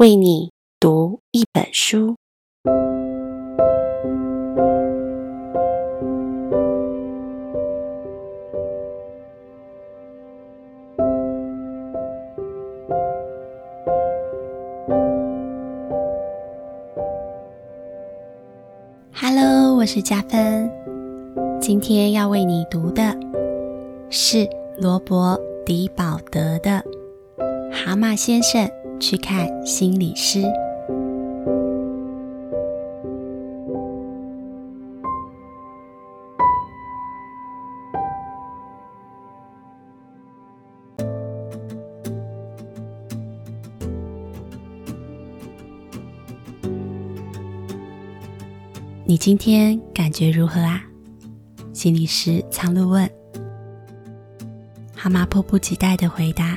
為你讀一本書。哈嘍，我是嘉芬，今天要為你讀的是羅伯·狄保德的《蛤蟆先生》。去看心理師。你今天感覺如何啊？心理師蒼鷺問。蛤蟆迫不及待的回答：“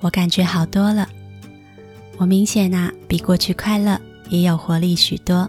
我感覺好多了。”我明顯吶、啊、比過去快樂，也有活力許多。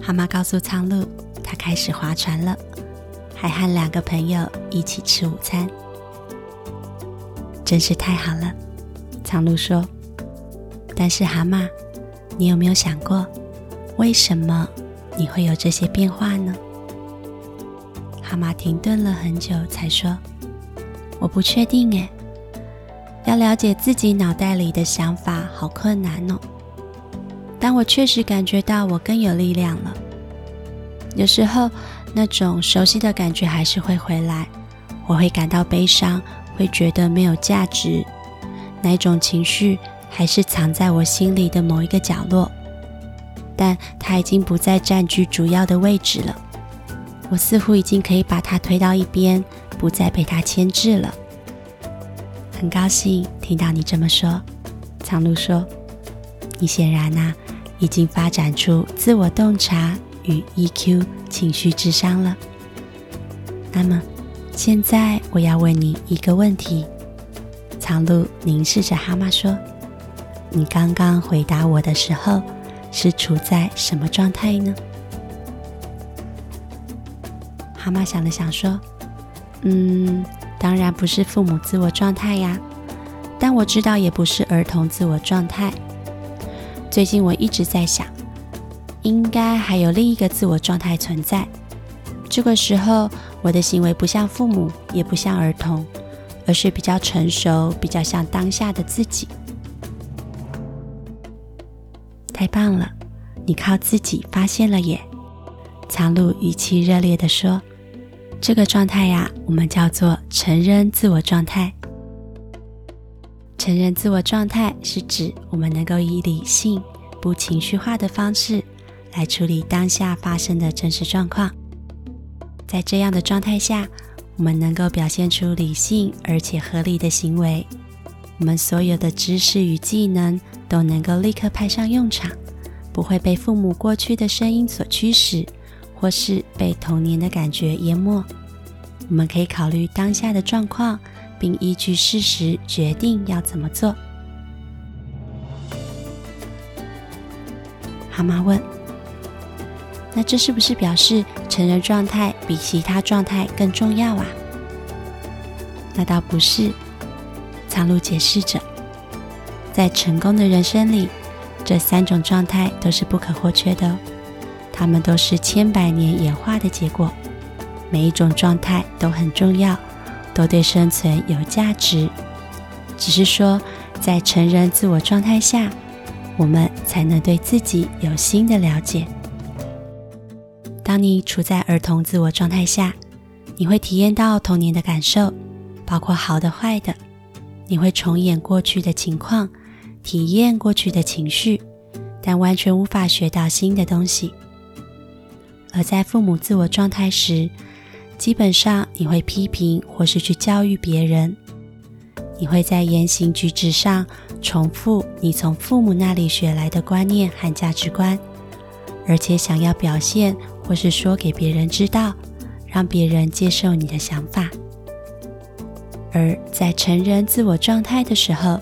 蛤蟆告訴蒼鷺，他開始划船了，還和兩個朋友一起吃午餐，真是太好了，蒼鷺說：“但是蛤蟆，你有沒有想過，為什麼你會有這些變化呢？”蛤蟆停頓了很久才說：“我不確定哎。”要了解自己腦袋裡的想法好困難哦，但我確實感覺到我更有力量了。有時候那種熟悉的感覺還是會回來，我會感到悲傷，會覺得沒有價值，那種情緒還是藏在我心裡的某一個角落，但它已經不再佔據主要的位置了。我似乎已經可以把它推到一邊，不再被它牽制了。很高興聽到你這麼說，蒼鷺說：“你顯然吶、啊，已經發展出自我洞察與 EQ 情緒智商了。”那麼，現在我要問你一個問題，蒼鷺凝視着蛤蟆說：“你剛剛回答我的時候，是處在什麼狀態呢？”蛤蟆想了想說：“嗯。”當然不是父母自我狀態呀，但我知道也不是兒童自我狀態。最近我一直在想，應該還有另一個自我狀態存在。這個時候，我的行為不像父母，也不像兒童，而是比較成熟，比較像當下的自己。太棒了，你靠自己發現了耶！蒼鷺語氣熱烈地說。這個狀態呀、啊，我們叫做成人自我狀態。成人自我狀態是指我們能夠以理性、不情緒化的方式來處理當下發生的真實狀況。在這樣的狀態下，我們能夠表現出理性而且合理的行為。我們所有的知識與技能都能夠立刻派上用場，不會被父母過去的聲音所驅使，或是被童年的感覺淹沒，我們可以考慮當下的狀況，並依據事實決定要怎麼做。蛤蟆問：“那這是不是表示成人狀態比其他狀態更重要啊？”那倒不是，蒼鷺解釋着：“在成功的人生裡，這三種狀態都是不可或缺的。”它們都是千百年演化的結果，每一種狀態都很重要，都對生存有價值。只是說，在成人自我狀態下，我們才能對自己有新的了解。當你處在兒童自我狀態下，你會體驗到童年的感受，包括好的、壞的。你會重演過去的情況，體驗過去的情緒，但完全無法學到新的東西。而在父母自我狀態時，基本上你會批評或是去教育別人。你會在言行舉止上重複你從父母那裡學來的觀念和價值觀，而且想要表現或是說給別人知道，讓別人接受你的想法。而在成人自我狀態的時候，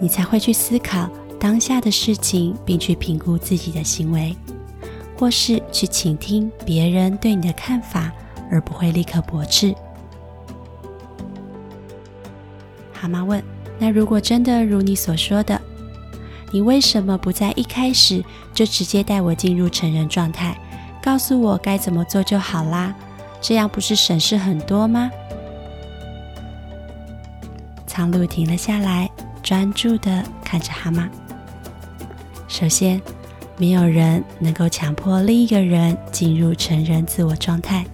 你才會去思考當下的事情，並去評估自己的行為。或是去傾聽別人對你的看法，而不會立刻駁斥。蛤蟆問：“那如果真的如你所說的，你為什麼不在一開始就直接帶我進入成人狀態，告訴我該怎麼做就好啦？這樣不是省事很多嗎？”蒼鷺停了下來，專注地看着蛤蟆。首先。沒有人能夠強迫另一個人進入成人自我狀態，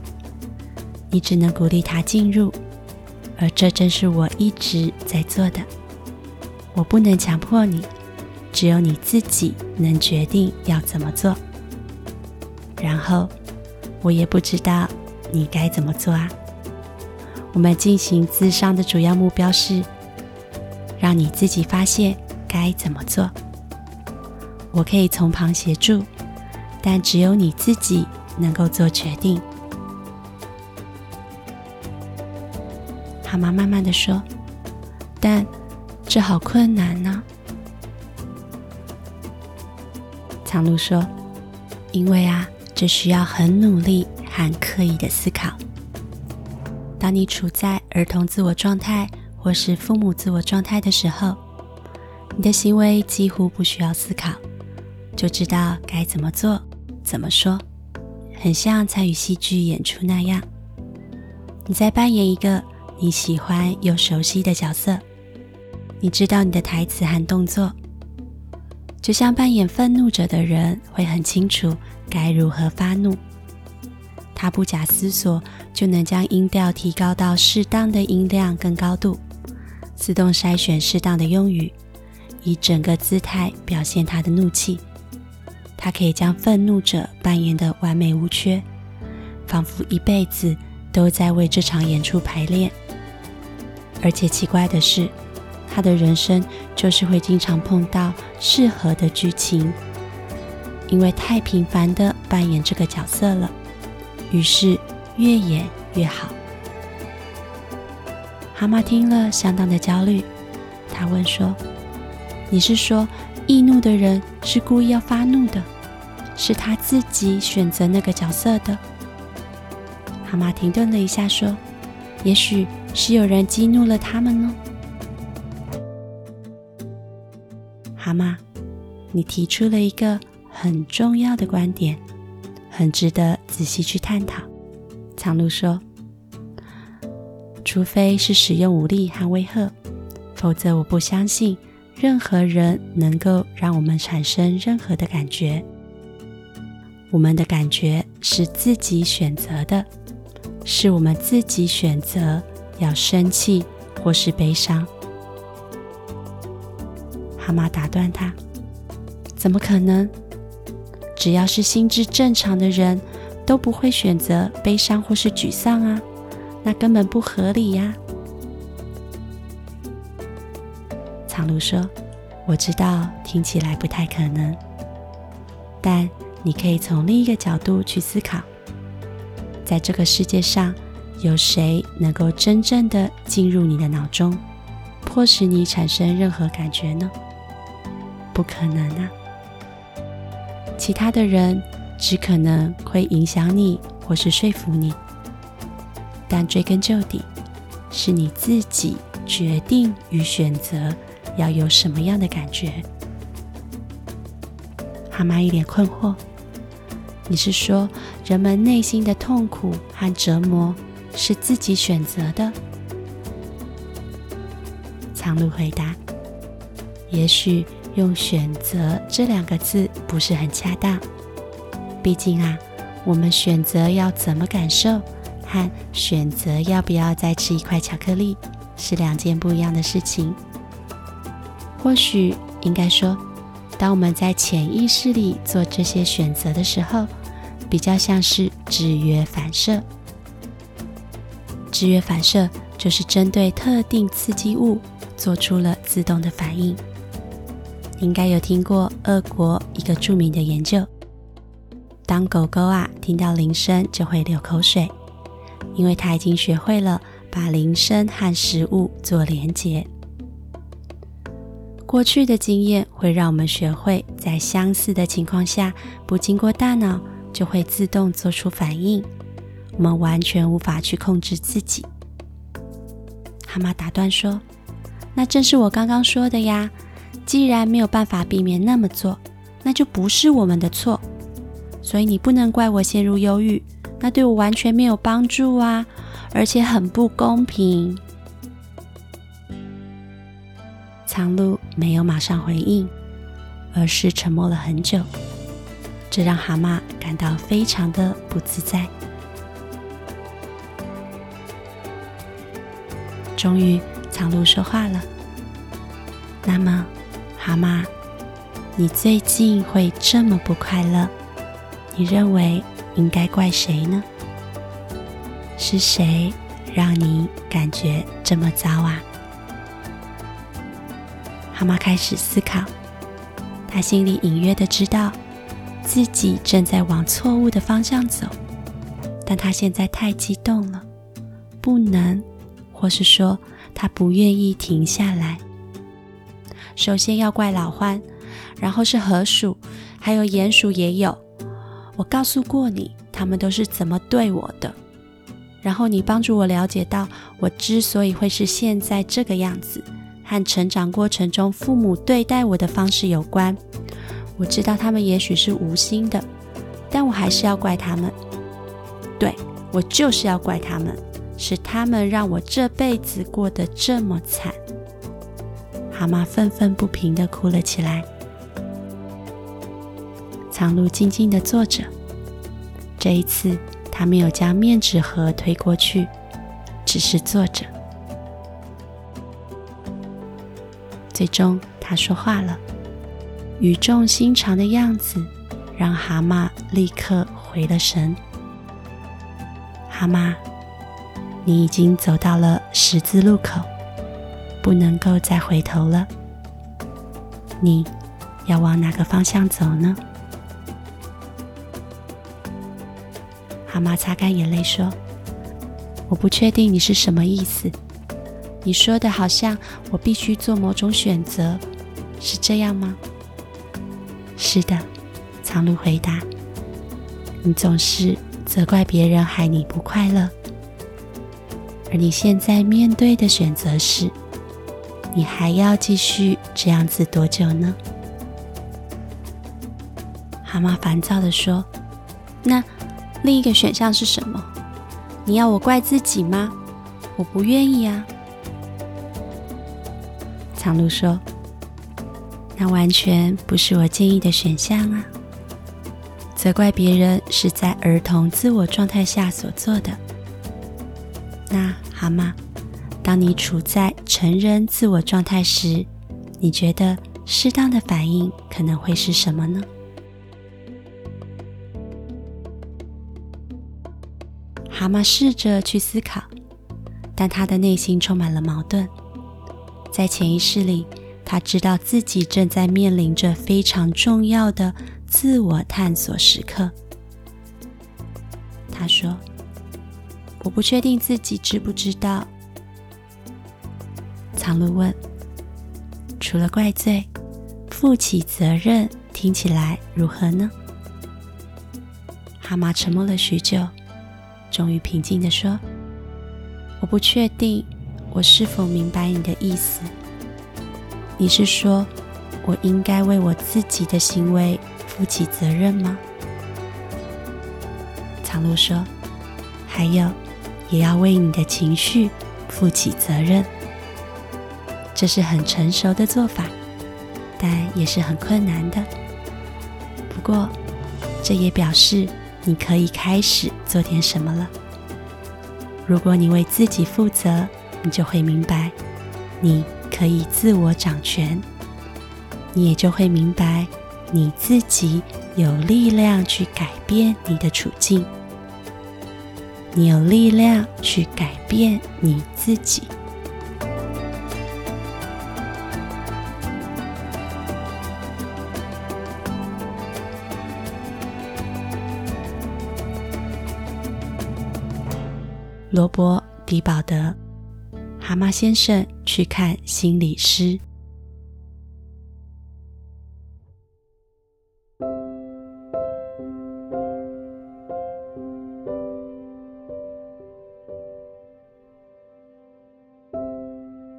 你只能鼓勵他進入，而這正是我一直在做的。我不能強迫你，只有你自己能決定要怎麼做。然後，我也不知道你該怎麼做啊。我們進行諮商的主要目標是，讓你自己發現該怎麼做。我可以從旁協助，但只有你自己能夠做決定。蛤蟆慢慢的說：“但這好困難呢、啊。”蒼鷺說：“因為啊，這需要很努力和刻意的思考。當你處在兒童自我狀態或是父母自我狀態的時候，你的行為幾乎不需要思考。”就知道該怎麼做，怎麼說，很像參與戲劇演出那樣。你在扮演一個你喜歡又熟悉的角色，你知道你的台詞和動作。就像扮演憤怒者的人，會很清楚該如何發怒。他不假思索就能將音調提高到適當的音量跟高度，自動篩選適當的用語，以整個姿態表現他的怒氣。他可以將憤怒者扮演得完美無缺，仿佛一輩子都在為這場演出排練。而且奇怪的是，他的人生就是會經常碰到適合的劇情，因為太頻繁地扮演這個角色了，於是越演越好。蛤蟆聽了相當的焦慮，他問說：“你是說？”易怒的人是故意要發怒的，是他自己選擇那個角色的。蛤蟆停頓了一下，說：“也許是有人激怒了他們呢、哦。”蛤蟆，你提出了一個很重要的觀點，很值得仔細去探討。”蒼鷺說：“除非是使用武力和威嚇，否則我不相信。”任何人能夠讓我們產生任何的感覺，我們的感覺是自己選擇的，是我們自己選擇要生氣或是悲傷。蛤蟆打斷他：“怎麼可能？只要是心智正常的人都不會選擇悲傷或是沮喪啊，那根本不合理呀。”如說：“我知道，聽起來不太可能，但你可以從另一個角度去思考。在這個世界上，有誰能夠真正的進入你的腦中，迫使你產生任何感覺呢？不可能啊！其他的人只可能會影響你，或是說服你。但追根究底，是你自己決定與選擇。”要有什麼樣的感覺。蛤蟆，一臉困惑。你是說，人們內心的痛苦和折磨是自己選擇的？蒼鷺回答：“也許用‘選擇’這兩個字不是很恰當。畢竟啊，我們選擇要怎麼感受，和選擇要不要再吃一塊巧克力，是兩件不一樣的事情。”或許應該說，當我們在潛意識裡做這些選擇的時候，比較像是制約反射。制約反射就是針對特定刺激物做出了自動的反應。應該有聽過俄國一個著名的研究，當狗狗啊聽到鈴聲就會流口水，因為它已經學會了把鈴聲和食物做連結。過去的經驗會讓我們學會，在相似的情況下，不經過大腦就會自動做出反應，我們完全無法去控制自己。蛤蟆打斷說：“那正是我剛剛說的呀，既然沒有辦法避免那麼做，那就不是我們的錯。所以你不能怪我陷入憂鬱，那對我完全沒有幫助啊，而且很不公平。”藏鷺沒有馬上回應，而是沉默了很久，這讓蛤蟆感到非常的不自在。終於，蒼鷺說話了：“那麼，蛤蟆，你最近會這麼不快樂？你認為應該怪誰呢？是誰讓你感覺這麼糟啊？”蛤蟆開始思考，他心裡隱約的知道自己正在往錯誤的方向走，但他現在太激動了，不能，或是說他不願意停下來。首先要怪老獾，然後是河鼠，還有鼴鼠也有。我告訴過你，他們都是怎麼對我的。然後你幫助我了解到，我之所以會是現在這個樣子。和成長過程中父母對待我的方式有關。我知道他們也許是無心的，但我還是要怪他們。對，我就是要怪他們，是他們讓我這輩子過得這麼慘。蛤蟆憤憤不平的哭了起來。蒼鷺靜靜的坐着，這一次他沒有將面紙盒推過去，只是坐着。最終，他說話了，語重心長的樣子讓蛤蟆立刻回了神。蛤蟆，你已經走到了十字路口，不能夠再回頭了。你要往哪個方向走呢？蛤蟆擦乾眼淚說：“我不確定你是什麼意思。”你說的好像我必須做某種選擇，是這樣嗎？是的，蒼鷺回答。你總是責怪別人害你不快樂，而你現在面對的選擇是，你還要繼續這樣子多久呢？蛤蟆煩躁的說。那另一個選項是什麼？你要我怪自己嗎？我不願意啊。蒼鷺說：“那完全不是我建議的選項啊！責怪別人是在兒童自我狀態下所做的。那蛤蟆，當你處在成人自我狀態時，你覺得適當的反應可能會是什麼呢？”蛤蟆試着去思考，但他的內心充滿了矛盾。在潛意識裡，他知道自己正在面臨着非常重要的自我探索時刻。他說：“我不確定自己知不知道。”蒼鷺問：“除了怪罪，負起責任聽起來如何呢？”蛤蟆沉默了許久，終於平靜的說：“我不確定。”我是否明白你的意思？你是說，我應該為我自己的行為負起責任嗎？蒼鷺說：“還有，也要為你的情緒負起責任。這是很成熟的做法，但也是很困難的。不過，這也表示你可以開始做點什麼了。如果你為自己負責。”你就會明白，你可以自我掌權；你也就會明白，你自己有力量去改變你的處境，你有力量去改變你自己。羅伯·狄保德。蛤蟆先生去看心理師。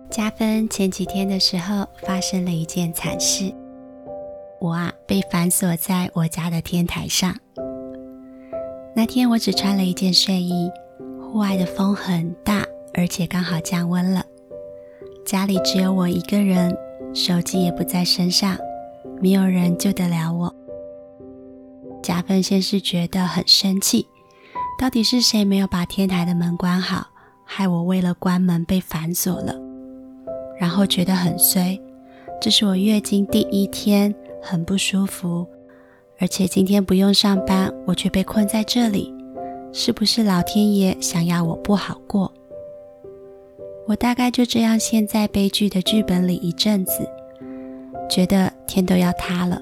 加分，前幾天的時候，發生了一件慘事。我啊，被反鎖在我家的天台上。那天我只穿了一件睡衣，戶外的風很大。而且剛好降溫了，家裡只有我一個人，手機也不在身上，沒有人救得了我。加芬先是覺得很生氣，到底是誰沒有把天台的門關好，害我為了關門被反鎖了？然後覺得很衰，這是我月經第一天，很不舒服，而且今天不用上班，我卻被困在這裡，是不是老天爺想要我不好過？我大概就這樣陷在悲劇的劇本裡一陣子，覺得天都要塌了。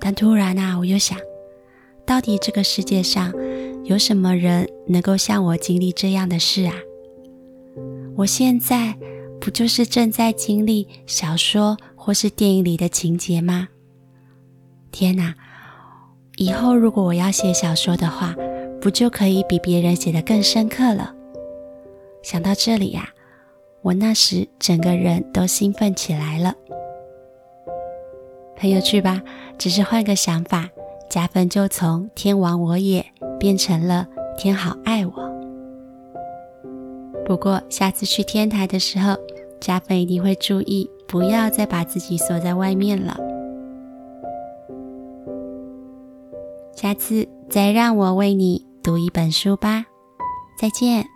但突然啊，我又想到底這個世界上有什麼人能夠像我經歷這樣的事啊？我現在不就是正在經歷小說或是電影裡的情節嗎？天吶，以後如果我要寫小說的話，不就可以比別人寫得更深刻了？想到這裡呀、啊，我那時整個人都興奮起來了，很有趣吧？只是換個想法，加分就從“天亡我也”變成了“天好愛我”。不過下次去天台的時候，加分一定會注意，不要再把自己鎖在外面了。下次再讓我為你讀一本書吧，再見。